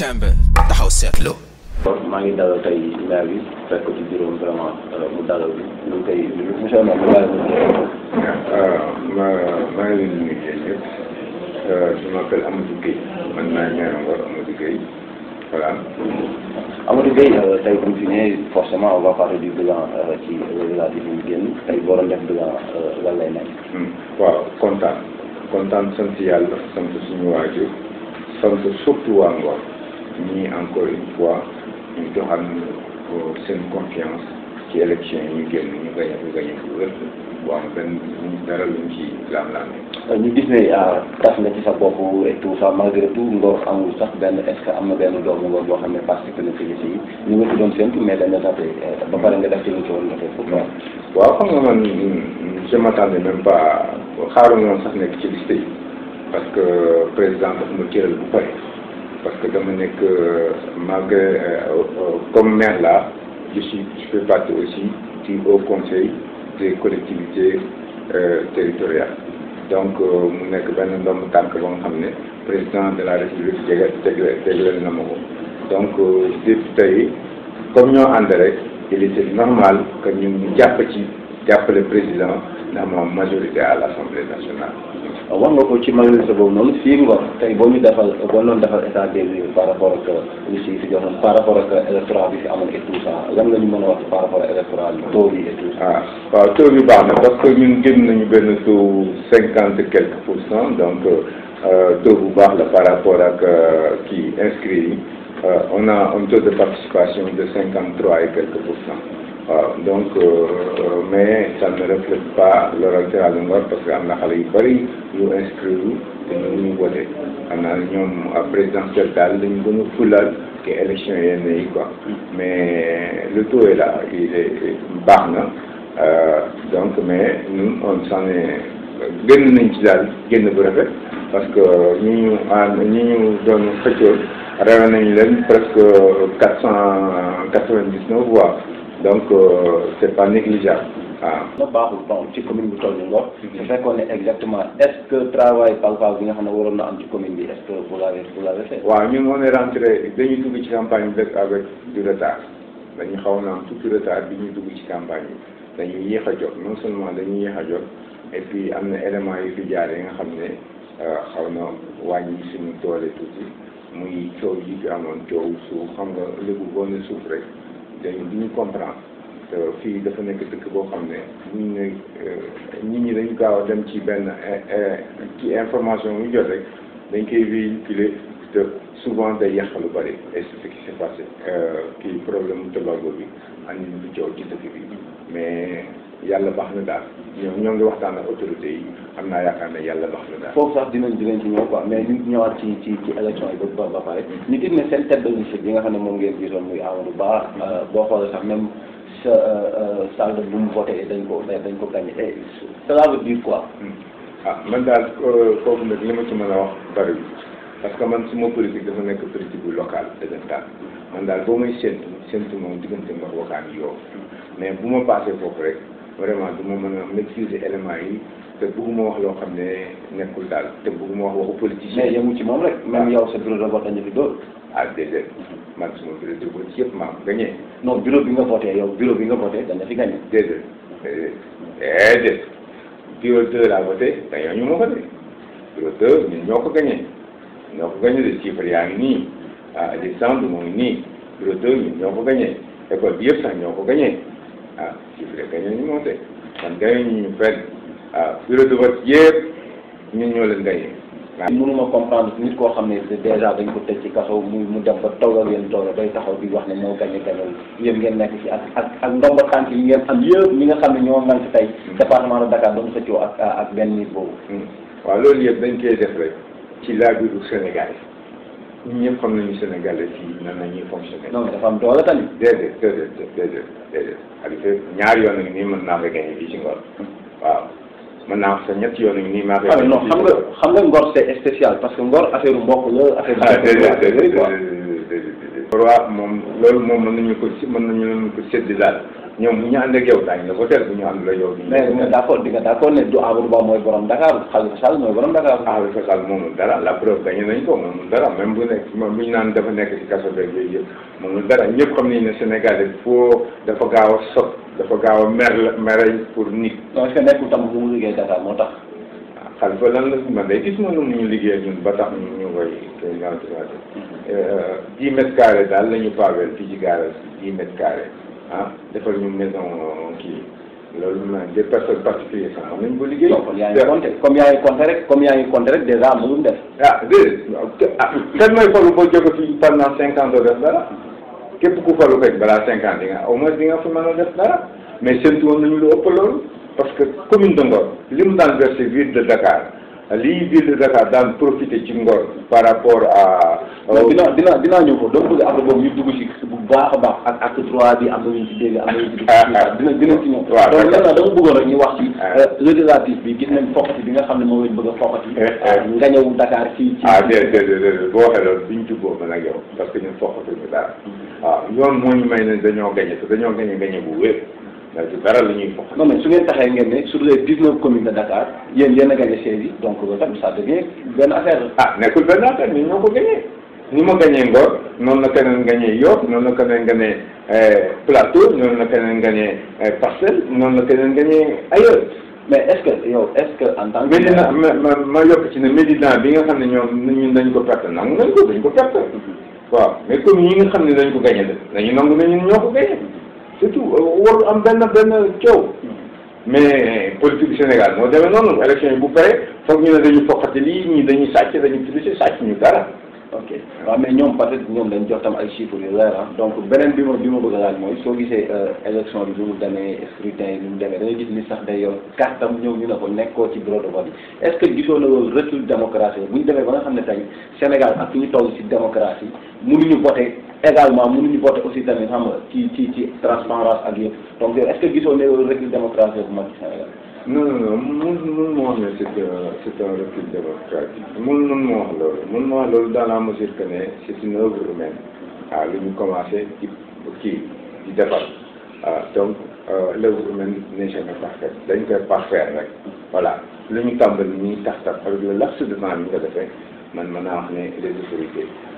Chamber taxaw seetlu. maa ngi dalal tey maire bi fekk ci juróom vraiment euh, mu dalal bi ñu ngi koy monsieur Ndao euh, ma maa ngi leen di nuyu yéen ñëpp euh, je m'appelle Amadou Guèye man maay maire Ngor Amadou Guèye voilà. Amadou Guèye tey bu ñu fi ñëwee forcément on va parler du bilan ci relative bi ñu génn tey boo doon def bilan lan lay nekk. Hmm. waaw kontaan kontaan sant yàlla sant suñu waajur sant surtout waa Ngor. nii encore une fois ñu joxal ñu seen confiance ci élection yi ñu génn ñu gañ ñu gañ bu wér bu benn dara luñ ci laam-laam ñu gis ne euh, tas na ci sa bopp et tout ça malgré tout Ngor amul sax benn est am na benn doomu Ngor boo xam ne participé ci liste yi ñu nga ci doon séntu mais dañ la tapé euh, ba pare nga def ci lu ci woon nga def pourquoi waaw xam nga man je m'attendais même pas xaaru noonu sax nekk ci liste yi parce que président daf ma cëral bu pare parce que euh, euh, euh, comme maire là je fais partie aussi du haut conseil des collectivités territoriales donc je suis le président de la république donc comme il était normal que nous ñu président dans la majorité à l'Assemblée nationale wan nga ko ci magasin boobu noonu fii Ngor tey boo ñu defal boo doon defal état des lieux par rapport ak aussi fi joxoon par rapport ak électorat bi fi amoon et tout ça lan nga ñu mën a wax par rapport ak électorat bi taux tout ça. ah waaw taux bi baax na parce que ñun génn nañu benn taux cinquante quelques pour cent donc euh, taux bu baax la par rapport ak euh, kii inscrit yi euh, on a un taux de participation de cinquante trois et quelques pour cent. Euh, donc, euh, euh, mais ça ne reflète pas leur intérêt à l'ingoire parce qu'à y a des gens nous inscrivons et nous nous voté. On a des gens à présidentiel qui ont voté l'élection quoi. Mais le taux est là, il est, bas. non donc, mais nous, on s'en est. bien y bien des gens qui ont parce que nous, nous donnons presque 499 voix. donc euh, c' est pas négligeable waaw. Ah. na baaxul bon ci commune bu toll nii wax. su fekkoon ne exactement est ce que travail palpable bi nga xam ne waroon na am ci commune bi est ce que vous l' avez vous l' avez fait. waaw campagne bi rek avec du retard dañu xaw na am tuuti retard bi ñuy dugg ci campagne bi dañuy yéex a jot non seulement dañuy yéex a jot et puis am na éléments yu fi jaaree yi nga xam ne euh, xaw na wàññi suñu doole tuuti muy coow yi fi amoon coow suuf xam nga léegi boo suuf rek. dañu du ñu comprendre te fii dafa nekk dëkk boo xam ne ñu ne euh, nit ñi dañu gaaw a dem ci benn euh, euh, ci information yu jot rek dañ koy véhiculer te souvent day yàq lu bëri et c'est ce qui s'est passé kii problème mu Tobago bi andi lu coow ci dëkk bi mais. yàlla baax na daal ñoo ngi waxtaan ak autorité yi am naa yaakaar ne yàlla baax na daal. foofu sax dinañ dinañ ci ñëw quoi mais ñu ñëwaat ci ci ci élection yi ba euh, boo xoolee sax même sa euh, salle bu mu voté dañ ko dañ ko gagné et cela veut quoi. Hmm. ah man daal euh, foofu nag li ma ci mën a wax bari parce que man suma politique dafa nekk politique local dëggantaan man daal boo may séntu séntu moom diggante ma wakaan yoo hmm. mais bu ma paasee foofu rek. vraiment du ma mën a maîtriser éléments yi te wax loo xam ne nekkul daal te bëgguma wax waxu politicien. mais yemu ci moom rek ah. même yow sa bureau de vote dañu fi dóor. ah déedéet man suma bureau de vote yëpp maa ko gagné. non bureau bi nga voté yow bi nga voté dañ la fi gagné. déedéet déedéet bureau deux laa voté dañoo ñu ma voté bureau deux ñun ñoo ko gagné ñoo ko gagné de chiffre yaa ngi nii ah décembre moo ngi nii bureau deux ñun ñoo ah Chiffre gañe ñu moom de man gañe ñu ñu fenn waaw bureau de vote yëpp ñun ñoo leen gañe waaw mënuma comprendre nit koo xam ne dèjà dañ ko tëj ci kaso mu mu dem ba tawlal yéen doole day taxaw di wax ne moo gañe gañal yéen ngeen nekk ci ak ak ak ndomba tànk yi ngeen am yëpp ñi nga xam ne ñoo ngànk tey hmm. département de Dakar doon xëccoo ak ak benn nit boobu hmm. waaw loolu yëpp dañ koy def rek ci laabiru Sénégal ñun ñëpp xam nañu Sénégalais fii nan la ñuy fonctionné. non dafa am doole tamit. déedéet déedéet déedéet déedéet Aliou ñaar yoon nag nii mën naa ko gagné fii ci Ngor. waaw mën naa ko sa ñetti yoon nag nii maa koy. Ah, non xam nga xam nga Ngor c'est spécial parce que Ngor affaire mbokk la affaire. ah déedéet déedéet déedéet déedéet. waaw moom loolu moom mën nañu ko mën nañu ko séddi daal. ñoom bu ñu ànd ak yow daañu la voté bu ñu àndul ak yow. mais d' accord di nga d' accord ne du Amadou Ba mooy borom Dakar Khalifa Sall mooy borom Dakar. Khalifa dara la preuve gagné nañ ko moomul dara même bu nekk moom bu ñu naan dafa nekk ci kaso beeg yooyu yëpp moomul dara ñëpp xam nañ ne Sénégal il dafa gaaw a sot dafa gaaw a mer la mere pour nit. non est ce que nekkul tam bu mu liggéey Dakar moo tax. Ah, Khalifa lan la man day gis ma lu ñu liggéey ñun ba tax ñu ñu koy koy ñaata ñaata. daal la ñu paaweel fii ci gaara dix mètres ah defal ñu maison kii loolu nag des personnes particulières sax mën nañu ko liggéey. donc yaa ngi compté comme yaa ngi compté rek comme yaa ngi compté rek dèjà mënuñ def. ah déedéet ah kenn mooy falu boo jógee fii pendant cinq ans doo def dara képp ku falu rek balaa cinq ans di nga au moins di nga fi mën a def dara mais séntu woon nañu lu ëpp loolu parce que commune de Ngor li mu daan versé ville de Dakar. lii ville de Dakar daan profité ci ngor par rapport à. Euh, dina dina dinaa ñëw foofu dama bëgg après boobu ñu dugg ci bu baax ak acte trois bi am na ñu ci dégg am na ñu dina dina ci ñëw. waaw ah, ah, ah, donc maintenant dama bëggoon rek ñu wax ci. législative euh, bi gis nañ foqati bi nga xam ne moom lañ bëgg a foqati. Eh, eh. nga ñëw Dakar ci ci. ah déedéet déedéet boo waxee loolu duñ jubboo ma nag yow parce que ñun foqatuñu dara. waaw hmm. yoon moo ñu may ne dañoo gañe te dañoo gañe gañe bu wér. du dara la ñuy foog. non na su ngeen taxee ngeen ne sur les a gagné siège yi donc loolu tam ça devient benn affaire la. ah nekkul benn affaire ñun noonu la keneen gagné Yoff noonu la keneen gagné eh, Plateau noonu la keneen gagné eh, Parcelles noonu mais est yow est en tant que. ma ma yokk ci ne Médina bi nga xam ne ñoom ñun dañ ko perte nangu nañ ko dañ ko perte mhm. waaw mais comme ñi nga xam ne dañ ko gagné de dañu nangu ne ñoo ko gagné. surtout euh, warul am benn benn coow mais politique Sénégal moo demee noonu élection yi bu pare foog ñu ne dañu foqati lii ñii dañuy sàcc dañu publicité sàcc ñu dara. ok waaw mais ñoom peut ñoom dañ jox tam ay chiffres yu leer ah. donc beneen bi ma bi ma bëgg a laaj mooy soo gisee euh, élection bi lu mu demee scrutin yi lu mu demee da nga gis li sax day yor kartam ñëw ñu ne ko nekkoo ci bureau de vote yi est-ce que gisoo na loolu ñu demee ba nga xam ne tey Sénégal ak fi ñu toll si démocratie mënuñu voter également mënuñu voté aussi tamit xam nga ci transparence ak yëpp donc est ce que gisoo ne recul démocratique bu mag ci Sénégal. non non mun mun ma wax ne c' est un c' est un recul démocratique mun mun ma wax loolu mun ma wax loolu dans la mesure que ne c' est une œuvre humaine waaw ah, lu ñu commencé ci kii di defar ah, donc euh, l'œuvre humaine n'est jamais parfaite dañ koy parfaire rek voilà lu ñu tàmbali ñuy tax tax avec le laps de temps bi nga defee man mën naa wax ne les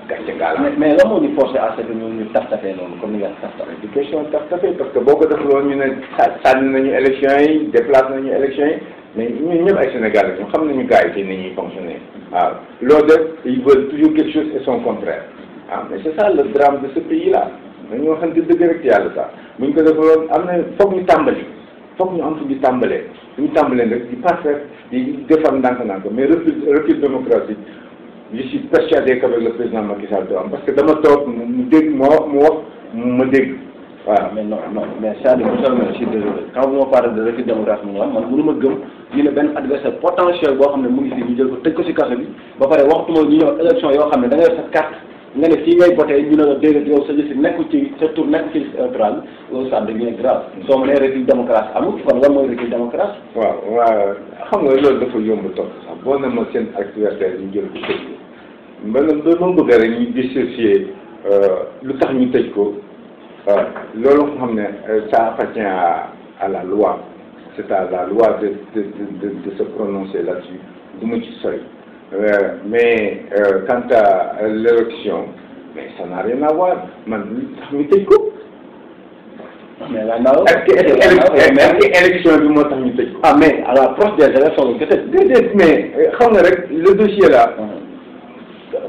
gàcce gaal mais mais lan moo ñu forcé à ce que ñu ñu taf tafee noonu comme ni nga taf tafee. du question taf tafee parce que boo ko defaloon ñu ne sànni nañu élection yi déplacé nañu élection yi mais ñun ñëpp ay Sénégalais ñu xam nañu gars ni ñuy fonctionner. waaw loo def toujours quelque chose son contraire. ah mais c'est ça le drame de ce pays là dañoo waxante dëgg rek yàlla sax bu ñu ko defaloon am na foog ñu tàmbali foog ñu am fu ñu tàmbalee suñu tàmbalee nag di parfaire je suis persuadé qu'avec le président du am parce que dama toog mu dégg ma wax mu wax ma dégg. waaw ah, mais non non mais Sadio Moussaouma je suis désolé quand vous me parlez de refus démocratique mu wax man mënu ma gëm ñu ne benn adversaire potentiel boo xam ne mu ngi fi ñu jël ko tëj ko si kaso bi ba pare waxtuma ñu ñëw élection yoo xam ne da nga sa carte nga ne fii ngay voté ñu ne la déedéet yow sa gis nekku ci sa tour nekku ci liste électorale loolu nga loolu dafa yomb topp sax boo ne ma seen adversaire ñu maanaam nous nous bëgg rek ñu dissocier euh, lu tax ñu tëj ko euh, loolu nga xam euh, ça appartient à à la loi c'est à la loi de de de de se prononcer là-dessus du ma ci sori mais quant à l'élection mais ça n'a rien à voir man ñu tëj ko. mais la ndaw est-ce que est-ce que élection bi moo tax ñu tëj ah mais à la proche des élections lañ ko tëj. mais xam nga rek le dossier là. Ah.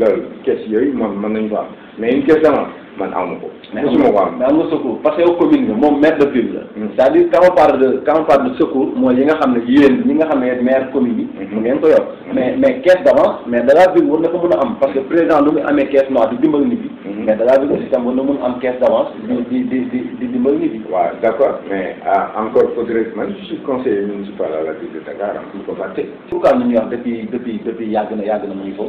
loolu kees yooyu moom mën nañu ko am mais man aw ma ko. mosuma ko am mais am nga secours que yow commune nga moom maire de ville la. Hmm. cest dire quand on de quand on de secours mooy yi nga xam ne yéen ñi nga xam ne maire commune bi. Hmm. mu ngeen ko yor hmm. mais mais kees d'avance mais da laa ville war ko mën a am parce que président lu muy amee kees noire di dimbali nit yi. mais da laa ville aussi tam war a am kees d'avance di di di di dimbali nit yi. waaw d'accord mais ah, encore faudrait man je suis conseiller municipal à la ville de Dakar am ko na yàgg na mu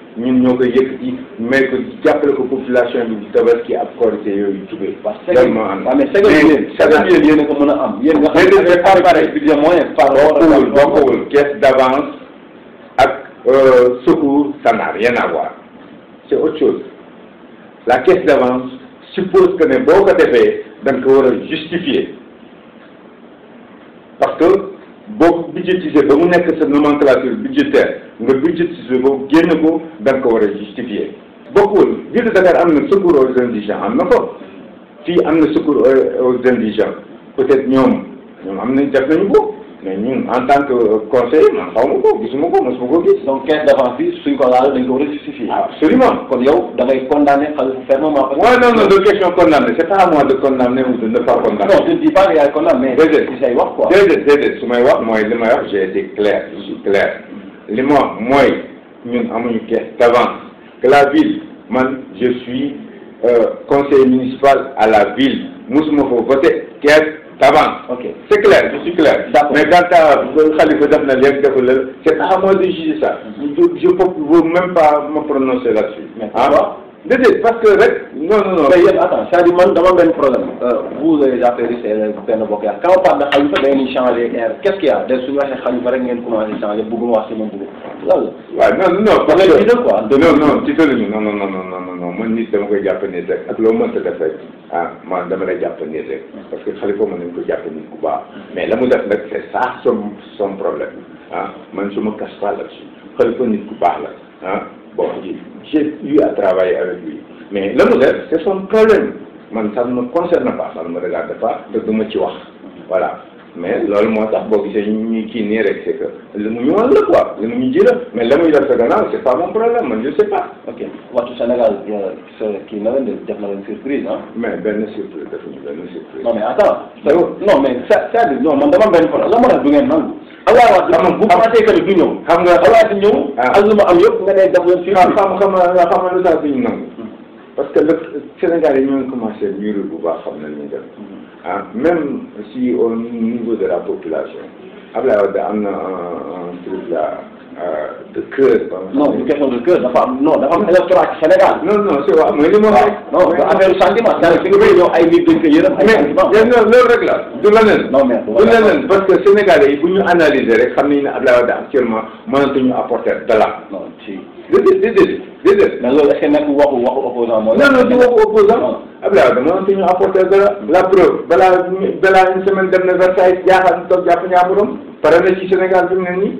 ñun ñoo koy yëkkati may ko jàppale ko population bi tabaski ak korite yooyu jugee. vraiment am na mais sagal yéen yéen a ko mën a am. yéen nga xam ne dañuy préparé budget moyen par bokkul caisse d'avance ak euh, secours ça n'a rien à voir c'est autre chose la caisse d'avance suppose que ne boo ko defee da nga ko war a justifier parce que boo budgétisé ba mu nekk sa nomenclature budgétaire. nga budget ko génn ko da nga ko war a justifier bokkul ville de Dakar am na secours aux indigents am na ko fii am na secours aux indigents peut-être ñoom ñoom am nañ def nañu ko mais ñun en tant que conseiller man xaw ma ko gisuma ko mosuma ko gis. donc quinze d'avance bi suñ ko laal dañ ko war a justifier. absolument kon yow da ngay condamner Khalifa fermement. waaw non non de question condamner c'est pas à moi de condamner ou de ne pas condamner. non je ne dis pas que yaay condamné. mais déedéet si say wax quoi. déedéet déedéet su may wax mooy li may wax j'ai été clair je suis clair. Les mois, moi » la ville je suis euh, conseiller municipal à la ville voter, caisse d'avance. ok c'est clair je suis clair. mais quand tu as euh, c'est à moi de juger ça. Mhm. je ne peux même pas me prononcer là-dessus. Hein? déedéet parce que rek. non non non mais yéen attends man dama benn problème. Euh, vous les affaires yi c'est benn bokk yaakaar quand on parle de xalifa da ngeen di changer air qu'est-ce qu'il y a de suñu waxee xalifa rek ngeen commencé changer bëgguma wax si moom bëgg lan la. waaw non non. parce que quoi. non non ci tënk non non non rek ak loo ah, man dama lay ko jàpp nii ku baax mais la mu def nag c'est ça son son problème ah man su ma casse pas là-dessus xalifa nit ku baax la ah. Bon, j'ai eu à travailler avec lui. Mais le modèle, c'est son problème. Man, ça ne me concerne pas, ça ne me regarde pas, donc je me Voilà. mais loolu moo tax boo gisee ñu kii nii rek c' est que lu mu ñu wan la quoi lu mu ñu ji la mais la muy def sa gannaaw c' est pas mon problème man je sais pas. ok waxtu Sénégal kii na leen def na leen surprise ah. mais benn surprise def ñu benn surprise. non mais attends. non mais c' est à dire non man dama benn problème la ma du ngeen nangu. allah wa xam bu xamante que du ñëw. xam nga allah si ñëw. ak lu ma am yëpp nga ne def leen surprise. xam xam xam nga lu tax du ñu nangu. parce que le Sénégal yi ñoo ngi commencé mûrir bu baax xam le mhm. hein? même si au niveau de la population Après, on a un truc là de cœur. non une question de cœur dafa am non dafa am électorat ci Sénégal. non non c'est vrai mooy li ma wax. non affaire sentiment. c'est-à-dire que ñoom ay nit dañ ko yërëm. ay sentiments mais loolu rek la du leneen. non mais du leneen parce que Sénégalais yi bu ñu analyser rek xam nañu ne Abdoulaye Wade actuellement mënatuñu apporter dara. non ci déedéet déedéet déedéet. mais loolu est-ce que nekk waxu waxu opposant moo. non non du waxu opposant. Abdoulaye Wade mënatuñu apporter dara. la preuve balaa balaa une semaine dem na Versailles jaaxal toog jàpp ñaamuram pare na ci Sénégal fi mu ne nii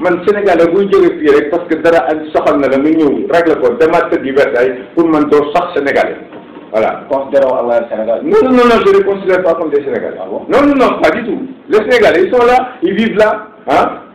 man Sénégalais buy jóge fi rek parce que dara ak soxal na la nga ñëw réglé ko demaat sa Versailles pour man do sax Sénégalais voilà. considérons avoir Sénégal. non non non je ne les considère pas comme des Sénégalais. ah bon non non non pas du tout les Sénégalais ils sont là ils vivent là hein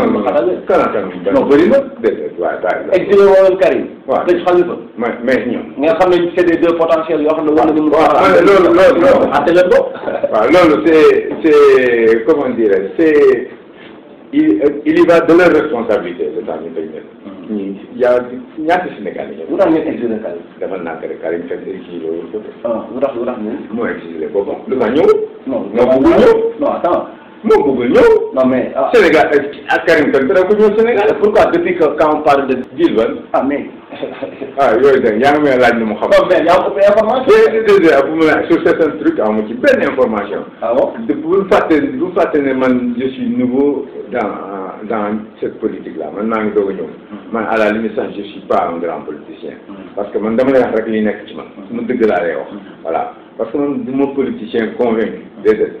non non non bëri na déedéet waay waay. exilé woon Karim. waaw dañ xalifa. mais mais ñoom. nga xam ne c'est des deux potentiels yoo xam ne war nañu. waaw loolu loolu loolu. àtte leen ko. waaw loolu c'est c'est comment dirais c'est il il y va de leur responsabilité de temps ñu bañ leen. ñii yaa ñaata a yi ñoom. lu tax ñu exilé Karim. dama nàkk rek Karim fekk exilé wu ko. ah lu tax lu tax ñu. moo exilé boppam lu tax ñëw. non non non moo bëgg a ñëw. non mais ah. Sénégal ah, Karim Kane dara ko Sénégal. pourquoi depuis que quand on parle de Dilbane. ah mais. ah, ah yo, da yaa ngi may laaj nu mu xam. non mais yaa ngi ëpp information. déedéet bu ma sur certains trucs amu ci benn information. ah bon Vous bu vous bu fàtte man je suis nouveau dans dans cette politique là man maa ngi doog a ñëw. Hmm. à la limite sax je suis pas un grand politicien. Hmm. parce que man dama lay wax rek li nekk ci man. mu hmm. dëgg laa lay voilà parce que man du ma politicien convaincu déedéet.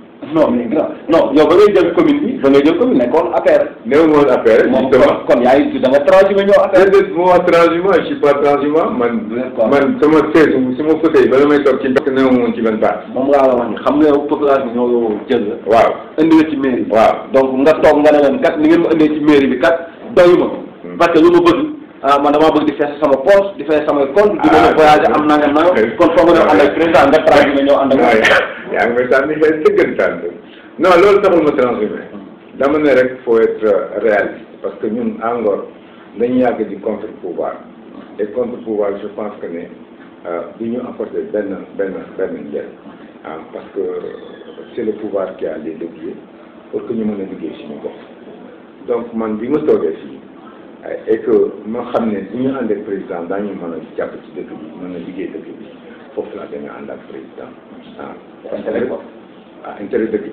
non mais grand non yow ba ngay jël commune bi ba ngay jël commune nekkoon kon yaa ngi da nga transhumé ñëw affaire. déedéet mu wax transhumé je suis pas transhumé man. man sama chaise sama fauteuil bala may toog ci mbokk néew moom ci benn baat. moom laa la wax ni xam nga yow population bi ñoo jël la. waaw indi la ci mairie bi. waaw donc nga toog nga ne leen kat ni ngeen ma indee ci mairie bi kat doyu ma. Hmm. parce que lu ma bëgg. ah man damaa bëgg di fees sama poche di fees samay compte. ah di mën a voyager am nangam nangam kon foog nga ñëw ànd ak ah, président nga transhumé ñëw ànd ak ah, yaa ngi may sànni kay dëggantaan bi non loolu taxul ma transhumé dama rek faut être réaliste parce que ñun encore dañu yàgg di contre pouvoir et contre pouvoir je pense que ne uh, du ñu apporter ben ben benn njëriñ ah parce que euh, c' est le pouvoir qui a les pour que ñu mën a liggéey suñu bopp donc man bi ma toogee fii et que ma xam ne bu ñu de président daañu mën a jàpp ci dëkk bi mën a liggéey dëkk bi. foofu laa gën a ànd ak président ah. intérêt quoi ah intérêt dëkk bi.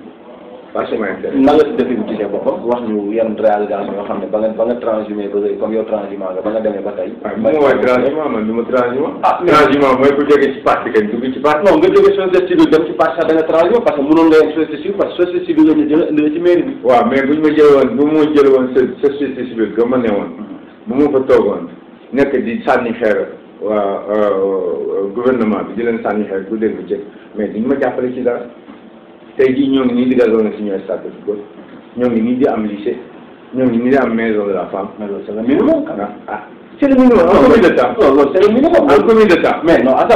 pas seulement intérêt. nan la si dëkk bi gisee boppam wax ñu yan réalisation yoo xam ne ba nga ba nga transhumé ba comme yow transhumant nga ba nga demee ba tey. waaw mu waay transhumant man du ma transhumant. ah transhumant mooy ku jógee ci parti kenn dugg ci parti. non nga jógee société civile dem ci parti sax da nga transhumé parce que mënoon nga yem société civile parce que société civile la ñu jël indi la ci mairie bi. waaw mais bu ñu ma jëlee woon bu ma jëlee woon société civile ga ma ne woon bu ma fa toogoon nekk di sànni xeer waa euh, gouvernement bi di leen sànni xel bu dégg cëg mais duñu ma jàppale ci dara tey jii ñoo ngi nii di gazone suñu stade de football ñoo ngi nii di am lycée ñoo ngi nii di am maison de la femme. mais loolu c'est le minimum quand ah, même. ah c'est le minimum en combien de temps. non loolu c'est le minimum en combien de temps. mais non a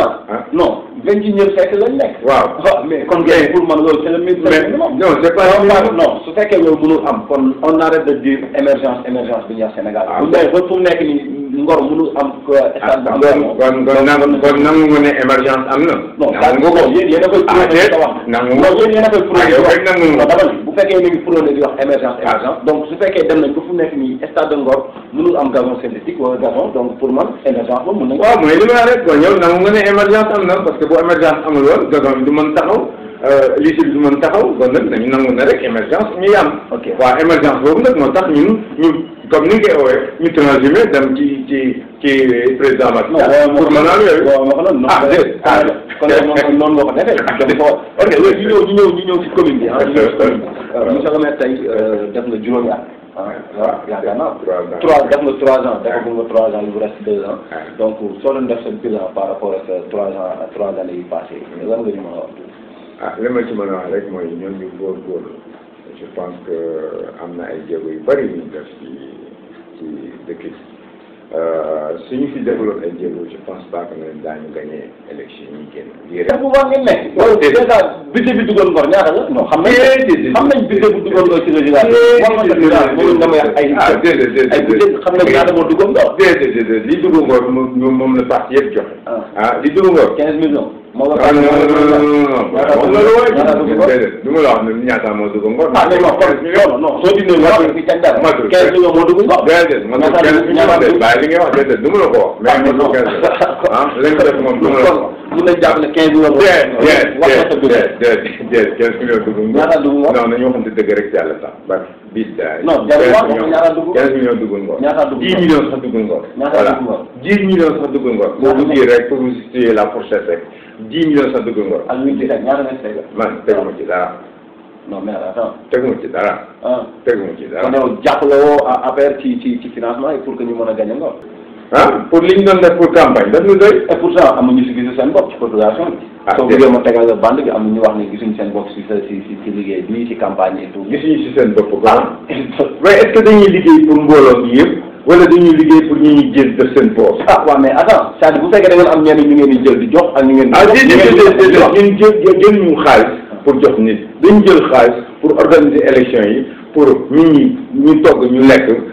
non vingt et a siècle a nekk. waaw ah, mais kon kay pour man loolu c'est le minimum. non c'est pas non su fekkee loolu mënul am kon on a de dire émergence émergence bi ñu wax Sénégal. waaw bu ñu a ba fu a nekk nii. ngor mënul am. Euh, ah, état bi am kon kon kon kon nangu nga ne émergence am na. non ko yéen a koy. Ah, a koy. ah yow rek nangu nga ko bu fekkee ñu ngi frôlé di wax émergence. Ah. émergence donc su fekkee dem nañ ba fu nekk nii état de ngor mënul am gazon synthétique wala gazon donc pour man émergence boobu mën nañu. waaw mooy li ma la rek kon yow nangu nga ne émergence am na parce que bu émergence amul woon gazon bi du mën taxaw. Euh, lii si du mën taxaw kon comme ni ngay woowee ñu transhumé dem ci ci ci président Macky. non pour mën a am yooyu. waaw wax na ah déedéet. ah, ah kon moom noonu nga ko defee. Ah, ok ah, léegi ñu ñëw ñu ñëw ñu ñëw ci commune bi ah. ñu ñëw ci commune bi. Euh, monsieur le maire tey euh, def nga juróomi at. ah yaakaar naa trois def nga trois ans dafa bëgg nga trois ans il vous reste deux ans. donc soo leen def seen bilan par rapport ak euh, trois ans trois années yu passées lan nga ñu mën a wax. ah li ma ci mën a wax rek mooy ñoom ñu góorgóorlu je pense que am na ay jéego yu bëri yu ñu def ci. ci dëkk yi euh, suñu fi développé ay jéego je pense pas que ne daañu gagné élection yi génn. lii rek bu baax ngeen nekk. loolu déjà bi duggoon ngor ñaata la. non xam nañ xam nañ budget bu duggoon ngor ci résultat bi. Ah, déedéet déedéet ay budget xam nañ ñaata moo duggoon ngor. déedéet déedéet li duggoon ngor moom moom la parti yëpp ah. ah, li duggoon ngor 15 millions. moo ko tax ma la wax ne ñaata moo dugg ngor. ah léegi wax kon non non soo dindee ñaata bi teg dara. matul 15 millions moo dugg ngor. déedéet man de 15 millions de bàyyi li ngay wax déedéet du ma la ko wax. mais man de 15 ah léegi def moom du ma la ko wax. mun nañ jàpp ne 15 millions. déedéet déedéet déedéet 15 millions dugg ngor. ñaata dugg ngor non nañu waxante dëgg rek yàlla sax bari. 10 non jarul millions duggul ngoon. ñaata duggul ngoon 10 millions sax duggul ngoon. voilà 10 millions sax duggul ngoon. boo duggee rek pour vous situer la fourchette rek 10 millions sax duggul ngoon. ak ñun ñaata nga teg man teguma ci dara. non mais attends. teguma ci dara. ah teguma ci dara. kon yow jàppale woo affaire ci ci ci financement yi pour que ñu mën a gagné ngoon. ah pour li ñu doon def pour campagne daf ñu a et pourtant amuñu si gis seen bopp ci population bi. ah soo bëggee ma tegal la bande bi am na ñu wax ne gisuñ seen bopp si sa liggéey bi ci campagne et tout. gisuñu si seen bopp quoi. ah mais dañuy liggéey pour mbooloo bi yëpp. wala dañuy liggéey pour ñu ñuy jël def seen poos. ah waaw mais attends c'est-à-dire bu fekkee da ngeen am ñenn ñu ngeen di jël di jox ak ñu ngeen. ah jël jël jël ñu xaalis ah. pour jox nit dañu jël xaalis pour organiser élection yi pour nit ñi ñu togg ñu lekk.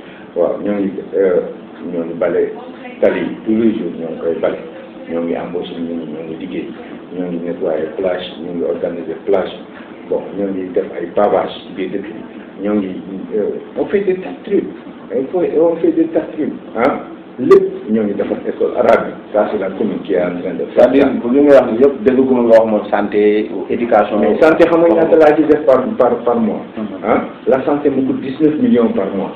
waaw ñoo ngi euh, ñoo bale tali yi tous les koy bale ñoo ngi embauché ñu ngi ñoo ngi liggéey ñoo ngi nettoyé plage ñoo ngi organisé bon ñoo ngi def ay pavage ci biir bi ñoo ngi euh, on fait des tas de trucs on fait des de trucs ah lépp ñoo ngi defar école arabe bi ça c'est la commune qui est en train de c'est-à-dire bu ñu nga wax yëpp dégguma nga wax moom santé éducation mais santé xam nga ñaata laa par par par mois ah la santé mu coûte dix neuf par mois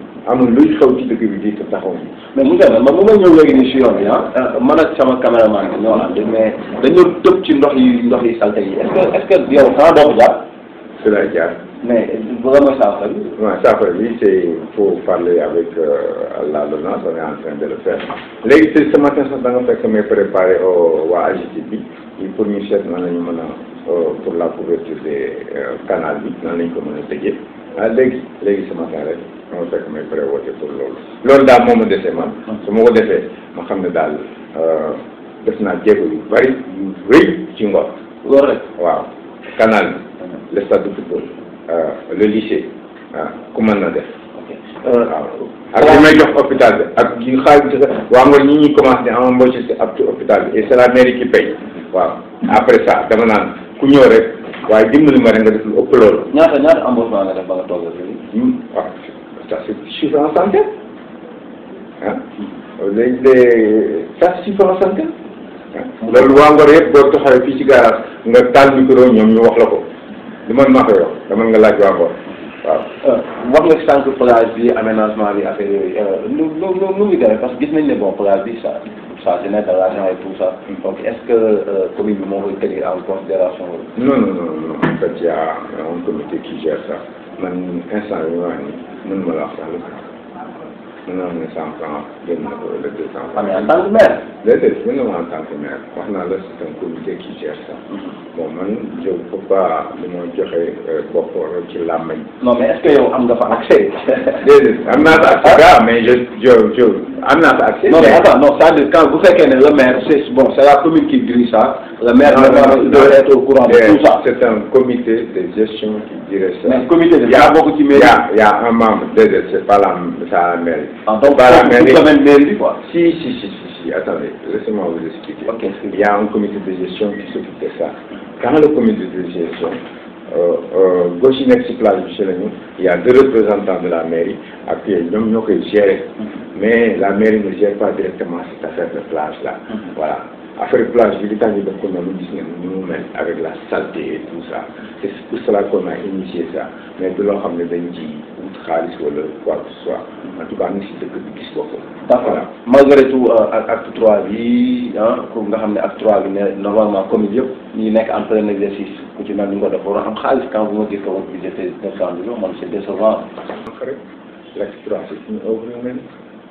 amul luy xew ci dëkk bi di ko taxaw bi mais mu jàll man mu ma ñëw léegi nii si yoon bi ah, ah. Euh, man ak sama caméraman bi ñoo ànd mais dañoo tëb ci ndox yi ndox yi salte yi est-ce que est-ce que yow xanaa doo ko jàpp si lay jaar mais bëgg ma saafara bi waaw saafara a c'est il faut parler avec Allah euh, l'ONAS on est en train de le faire léegi c'est ce matin sax da nga fekk may préparé euh, waa agiti bi i pour ñu seet nan la ñu mën a pour la couverture des canal bi nan la ñu ko mën a a léegi léegi sama temps rek dama fekk may prévoté pour loolu loolu daal moo ma desee man su ma ko defee ma xam ne daal def naa jéego yu bari yu rëy ci ngor loolu rek de football le lycée ah ku mën ah, ah, ah, a def waaw ak li may jox hôpital bi ak yi xaalis waa Ngor ñi ñuy commencé am embauché si ab ci hôpital bi et c'est la mairie qui paye waaw après ça dama naan ku ñëw rek waaye dimbali ma rek nga def ëpp loolu. ñaata ñaata embauchement nga def ba nga toog ak yooyu. Hmm. ah ça c' est chiffre en centaine ah léegi de ça c' est chiffre en centaine ah. loolu waa Ngor yëpp boo taxawee fii ci garage nga taal micro ñoom ñu wax la ko du man maa koy wax dama nga laaj waa Ngor waaw. Euh, wax nga si sànq plage bi aménagement bi affaire yooyu nu nu nu muy demee parce que gis nañ ne bon plage bi ça. ça c'est l'intervention et tout ça. Donc est-ce que le euh, Comité du Mont est en considération euh? Non, non, non, non. En fait, il y a un comité qui gère ça. Même un salarié, nous, nous, pas. mënoon na cent franc jël na ko wala deux cent franc. mais en tant que maire. déedéet mënoon en tant que maire wax naa la c'est un comité qui gère ça. bon man je ne peux pas ci làmmañ. non mais est-ce que yow am nga fa accès. déedéet am naa fa accès ah mais je je je am naa fa accès. non mais attends non c'est-à-dire quand bu fekkee ne bon c'est la commune qui dirige ça. le maire doit de tout ça. de gestion. il y a un membre, c'est pas la, la mairie. En tant que la mairie. quand même mairie, quoi. Si, si, si, si, si. attendez, laissez-moi vous expliquer. Il y a un comité de gestion qui s'occupe de ça. Quand le comité de gestion gauche euh, euh place il y a deux représentants de la mairie à qui ñoo gérer mm-hmm. mais la mairie ne gère pas directement cette affaire de plage là mm-hmm. voilà après le plage, il est arrivé donc qu'on a nous nous-mêmes avec la saleté et tout ça. C'est pour cela qu'on a initié ça. Mais de l'autre l'enfant de Benji, ou Tralis ou le quoi que ce soit, en tout cas, nous, c'est que du bisou. D'accord. Malgré tout, euh, acte 3 vie, comme nous avons acte 3 vie, normalement, comme il dit, il n'est qu'en plein exercice. Quand vous me dites que vous avez fait 200 millions, c'est décevant. L'acte 3, c'est une œuvre humaine,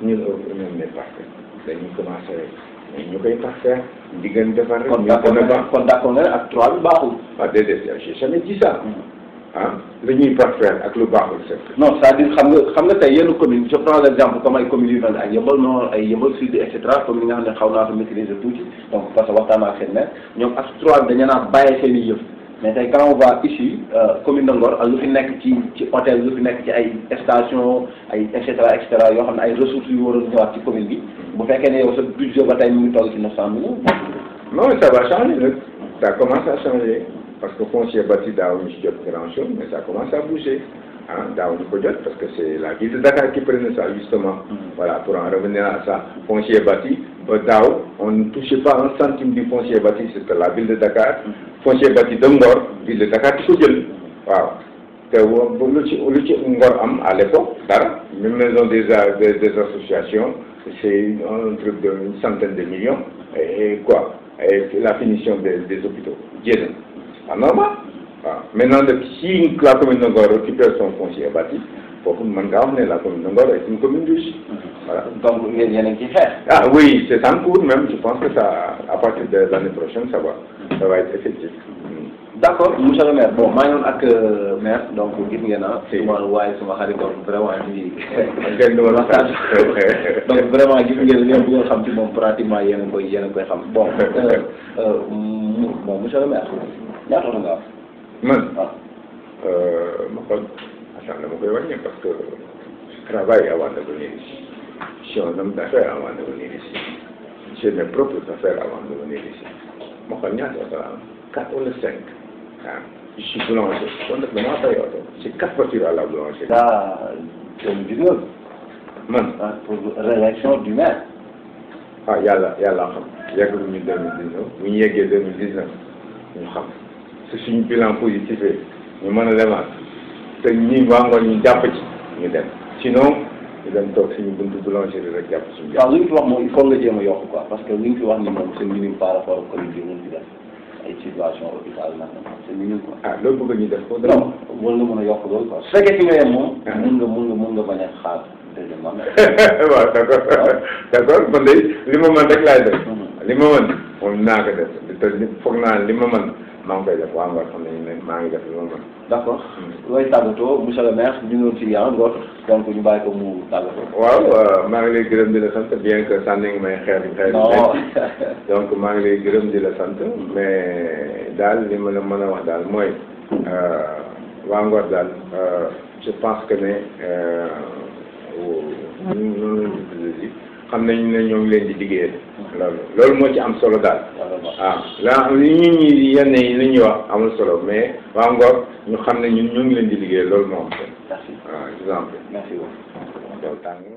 une œuvre humaine, mais parfaite. C'est une commencée. ñu koy tax diggante fan rek. kon d'accord nga ak trois bi baaxul. ah déedéet j'ai jamais dit ça. Hmm. ah li ñuy parfaire ak lu baaxul c'est non c'est-à-dire nga xam nga tey yenn commune je prends l'exemple comme ay communes yu mel ne ay Yeumbeul Nord ay Yeumbeul Sud et cetera nga ne xaw naa ko maîtriser tuuti donc parce que waxtaan naa ak seen maire ak trois bi dañu naan bàyyi seen mais quand on va ici euh, commune de Ngor ak lu fi nek ci ci hôtel lu fi ci ay station ay etc cetera et cetera ay ressources yu vont a ci commune bi bu fekkee ne yow sa budget ba tey mu ngi toll non ça va changer ça commence à changer parce que foncier bâti dans le si grand chose mais ça commence à bouger. En le projet parce que c'est la ville de Dakar qui prenait ça justement mm. voilà pour en revenir à ça foncier bâti d'Ao, on ne touchait pas un centime du foncier bâti c'est que la ville de Dakar mm foncier bâti Ngor ville de Dakar di ko jël waaw te lu ci lu Ngor à l'époque même maison des des associations c'est un truc d'une centaine de millions et quoi et la finition des des hôpitaux C'est pas normal maintenant si la commune d'Ongor récupère son foncier bâti pour faut ngaa la commune d'Ongor est une commune riche voilà. donc il y a rien à ah oui c'est en cours même je pense que ça à partir de l'année prochaine ça va. waaye effectif. d' accord monsieur le maire bon maa ngi ak euh, maire donc gis ngeen ah. suma waaye suma xaritoon vraiment ñu ngi. donc vraiment gis ngeen li ngeen xam ci moom pratiquement yéen a koy yéen a koy xam bon. Euh, euh, bon monsieur le maire ñaata oto nga man ah. ma xool asaan dama koy wàññi parce que travail avant de venir ici. je suis un homme d'affaires avant de venir ici. j'ai mes propres affaires avant de venir ma xool ñaata oto la am quatre wala cinq ah je suis boulanger kon nag damaa fay oto si quatre voitures à la boulangerie. ah man ah pour réaction du maire. ah yàlla yàlla xam yàggul ñu deux mille dix neuf bu ñu yeggee deux mille dix neuf ñu xam su suñu bilan positif ñu mën a lemaat te ñi waa ngoon ñu jàpp ci ñu ñu dem toog suñu buntu boulangerie rek jàpp suñu. waaw lu ñu a yokk parce que fi wax ni moom c'est minime par rapport ak commune bi mun ci def ay situation hôpital nag c'est minime quoi. ah loolu bëgg ñu def ko. non war nga mën a yokk loolu quoi su fekkee fi nga yem moom. Ah. mun nga mun nga mun nga bañ a xaar deuxièmement. waaw d'accord d'accord li ma mën rek laay def. Mm-hmm. li ma mën moom naa ko foog naa li ma mën. maa ngi koy def waaw Ngor xam nañu ne maa ngi def lu ma mën. d' accord mm. looy tàggatoo monsieur le maire ñu ngi woon fii ah Ngor donc ñu bàyyi ko mu tàggatoo. waaw euh, maa ngi lay gërëm di la sant bien que sànni nga may xeer xeer donc maa ngi lay gërëm di la sant mais daal li ma la mën a wax daal mooy euh, waa Ngor daal euh, je pense que ne ñun ñoo ngi leen di xam nañ ne ñoo ngi leen di liggéeyal. loolu loolu moo ci am solo daal waaw ah, la li ñu ñi yenn yi li ñuy wax amul solo mais waa Ngor ñu xam ne ñu ñu ngi leen di liggéey loolu moo am solo waaw ah, exemple